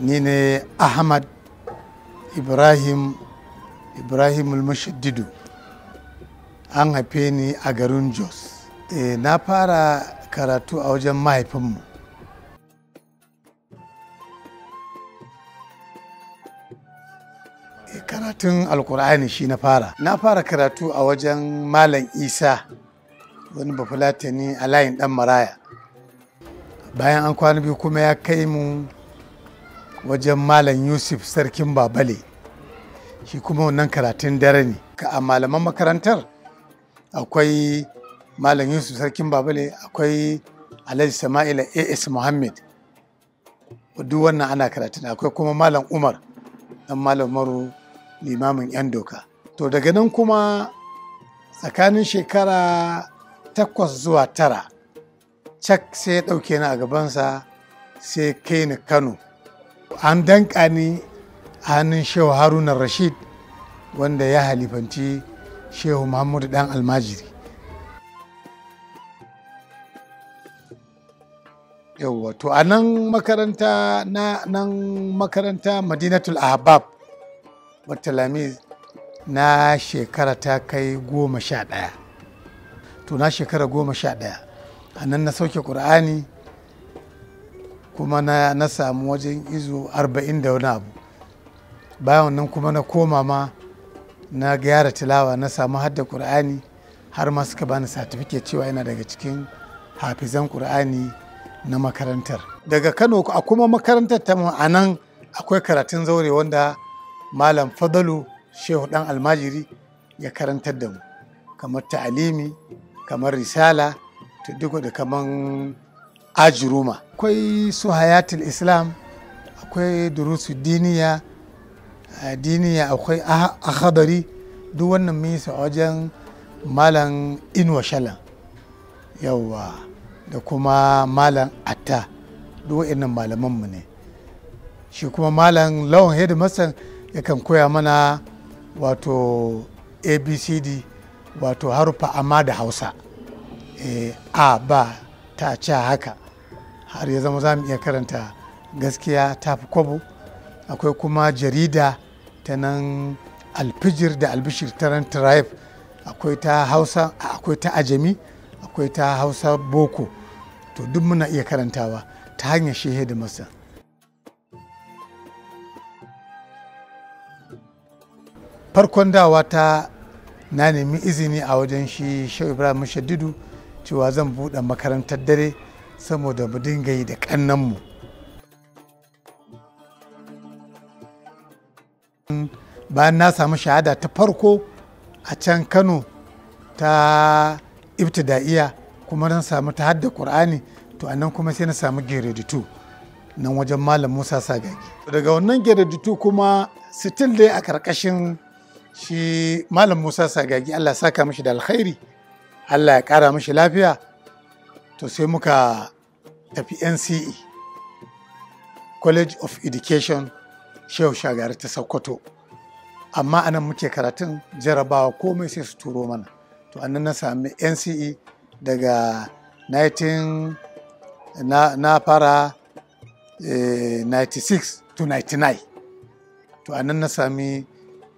ni ne ahmad ibrahim ibrahim ulmashaddidu an haife ni a garin jos e, na fara karatu a wajen mahaifinmu eh, karatun alkur'ani shi na fara na fara karatu a wajen malam isa wani bafulatani a layin dan maraya bayan an kwana biyu kuma ya kai mu wajen malam yusuf sarkin babale shi kuma wannan karatun dare ne a malaman makarantar akwai malam yusuf sarkin babale akwai alhaji sama'ila as muhammad duk wannan ana karatun akwai kuma malam umar dan malam maru limamin yan doka to daga nan kuma tsakanin shekara takwas zuwa tara cak sai ya ɗauke ni a gabansa sai kai ni kano an danka ni a hannun shehu haruna rashid wanda ya halifanci shehu muhammadu dan almajiri yawwa to a nan makaranta na nan makaranta madinatul ahbab watalamis na shekara ta kai goma sha ɗaya to na shekara goma sha ɗaya a nan na sauke ƙur'ani kuma na, samu wajen izu 40 da wani abu bayan nan kuma na koma ma na gyara tilawa na samu hadda ƙur'ani har ma suka bani satifiket cewa yana daga cikin hafizan ƙur'ani na makarantar daga kano a kuma makarantar ta a nan akwai karatun zaure wanda malam fadalu shehu dan almajiri ya karantar da mu kamar ta'alimi kamar risala ta duk da kamar ajiruma. akwai su hayatul islam akwai durusu diniya eh, diniya akwai hadari duk wannan misa wajen malam inuwa shalan yawwa da kuma malam atta duk malaman mu ne shi kuma malam lawan hedi masan yakan koya mana wato abcd wato harufa amma da hausa eh, a ba ta ca haka har ya zama za mu iya karanta gaskiya ta fi kwabo akwai kuma jarida ta nan alfijir da albishir ta ran tribe akwai ta hausa akwai ta ajami akwai ta hausa boko to duk muna iya karantawa ta hanyar shehe da masa farkon dawa ta na nemi izini a wajen shi shehu ibrahim shaddidu cewa zan buɗe makarantar dare saboda mu dinga yi da kannanmu bayan na samu shahada ta farko a can kano ta ibtida'iya kuma na samu ta hadda qur'ani to a nan kuma sai na samu gereditu 2 nan wajen malam musa sagagi daga wannan grade kuma sitin dai a karkashin shi malam musa sagagi allah saka mashi da alkhairi allah ya kara mashi lafiya to sai muka tafi nce college of education shehu shagari ta sokoto amma anan muke karatun jarabawa komai sai su turo mana to annan na sami nce daga 19 na, na fara eh, 96 to 99 to annan na sami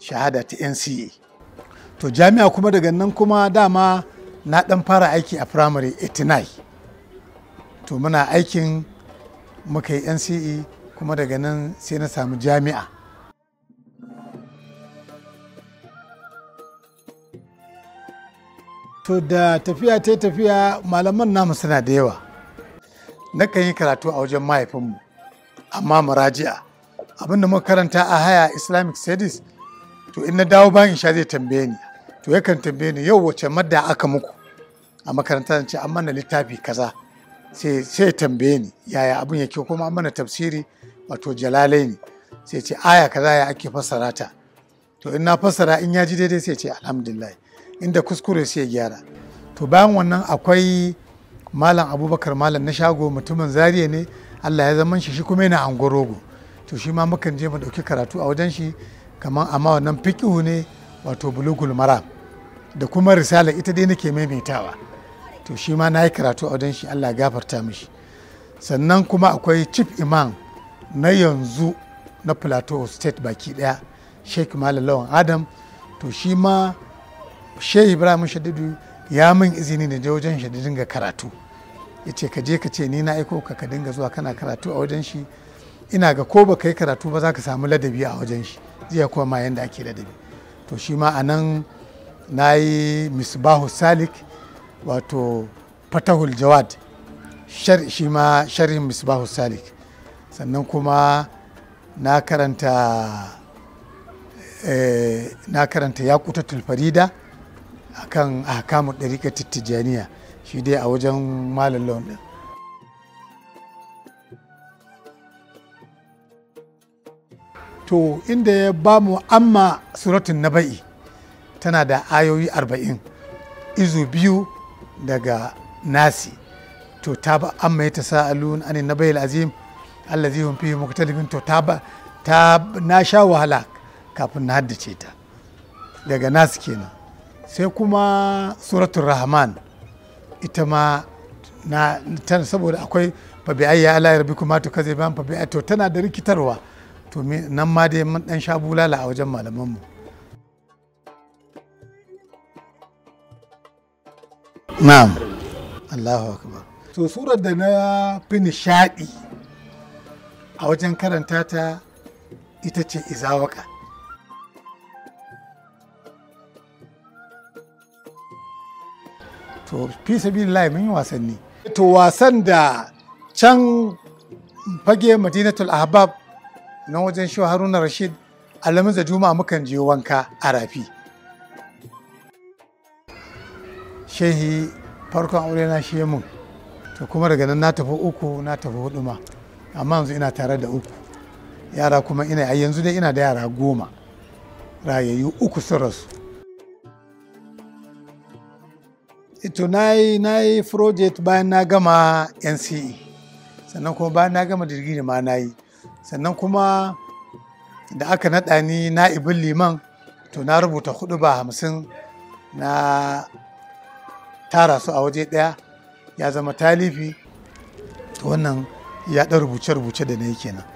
shahada ta nce to jami'a kuma daga nan kuma dama na dan fara aiki a primary 89 to muna aikin muka yi nce kuma daga nan sai na samu jami'a to da tafiya ta tafiya malaman namu suna da yawa Na kan yi karatu a wajen mahaifinmu amma maraji'a abinda muka karanta a haya islamic studies to in na dawo bayan isha zai tambaye ni to yakan tambaye ni yau wace madda aka muku a makarantar ce an mana littafi kaza sai tambaye ni yaya abin yake kuma mana tafsiri wato jalalai ne sai ce aya kaza ya ake fassara ta to in na fassara in ya ji daidai sai ce alhamdulillah inda kuskure sai gyara to bayan wannan akwai malam abubakar malam na shago mutumin zariya ne allah ya zama shi shi kuma yana angorogo to shi ma mukan je mu ɗauki karatu a wajen shi kamar amma wannan fiƙihu ne wato bulugul maram da kuma risala ita dai nake maimaitawa to shi ma na yi karatu a wajen shi allah gafarta mishi sannan kuma akwai chief imam na yanzu na plateau state baki daya sheikh malalawan adam to shi ma ibrahim shadidu ya min izini da je wajen shi da dinga karatu ya ce ka je ka ce ni na aiko ka ka dinga zuwa kana karatu a wajen shi ina ga ko baka yi karatu ba za ka samu ladabi a wajen shi zai kuma ma yanda ake ladabi to shi ma a nan na yi misbahu salik wato fatahul jawad shi ma sharhin misbahu salik sannan kuma na karanta eh, na karanta kuta tulfarida a kan ahkamu ɗariƙa tijjaniya shi dai a wajen malam launin. to inda ya ba mu amma suratun na bai tana da ayoyi arba'in izu biyu daga nasi to ta ba amma ya tasa'alun anin nabayil azim allazi hum fihi muktalifin to ta ba ta na sha wahala kafin na haddace ta daga nasi kenan sai kuma suratun rahman ita ma na tana saboda akwai fabi ya ala yarbi kuma to kaze ban fabi to tana da rikitarwa to nan ma dai mun dan sha bulala a wajen malamanmu na'am Allahu akbar to surar da na fi nishaɗi a wajen karanta ta ita ce izawaka to fi sabilillahi mun yi wasanni to wasan da can fage madinatul ahbab na wajen shi haruna rashid alamin da juma'a mukan je wanka a rafi shehi farkon aure na shi mun to kuma daga nan na tafi uku na tafi hudu ma amma yanzu ina tare da uku yara kuma ina a yanzu dai ina da yara goma rayayyu uku sun rasu ito eh na yi na yi project bayan na gama nce sannan kuma bayan na gama digiri ma na yi sannan kuma da aka naɗa ni na ibin liman to na rubuta hudu ba hamsin na tara su a waje ɗaya ya zama talifi wannan ya ɗan rubuce-rubuce da na yi kenan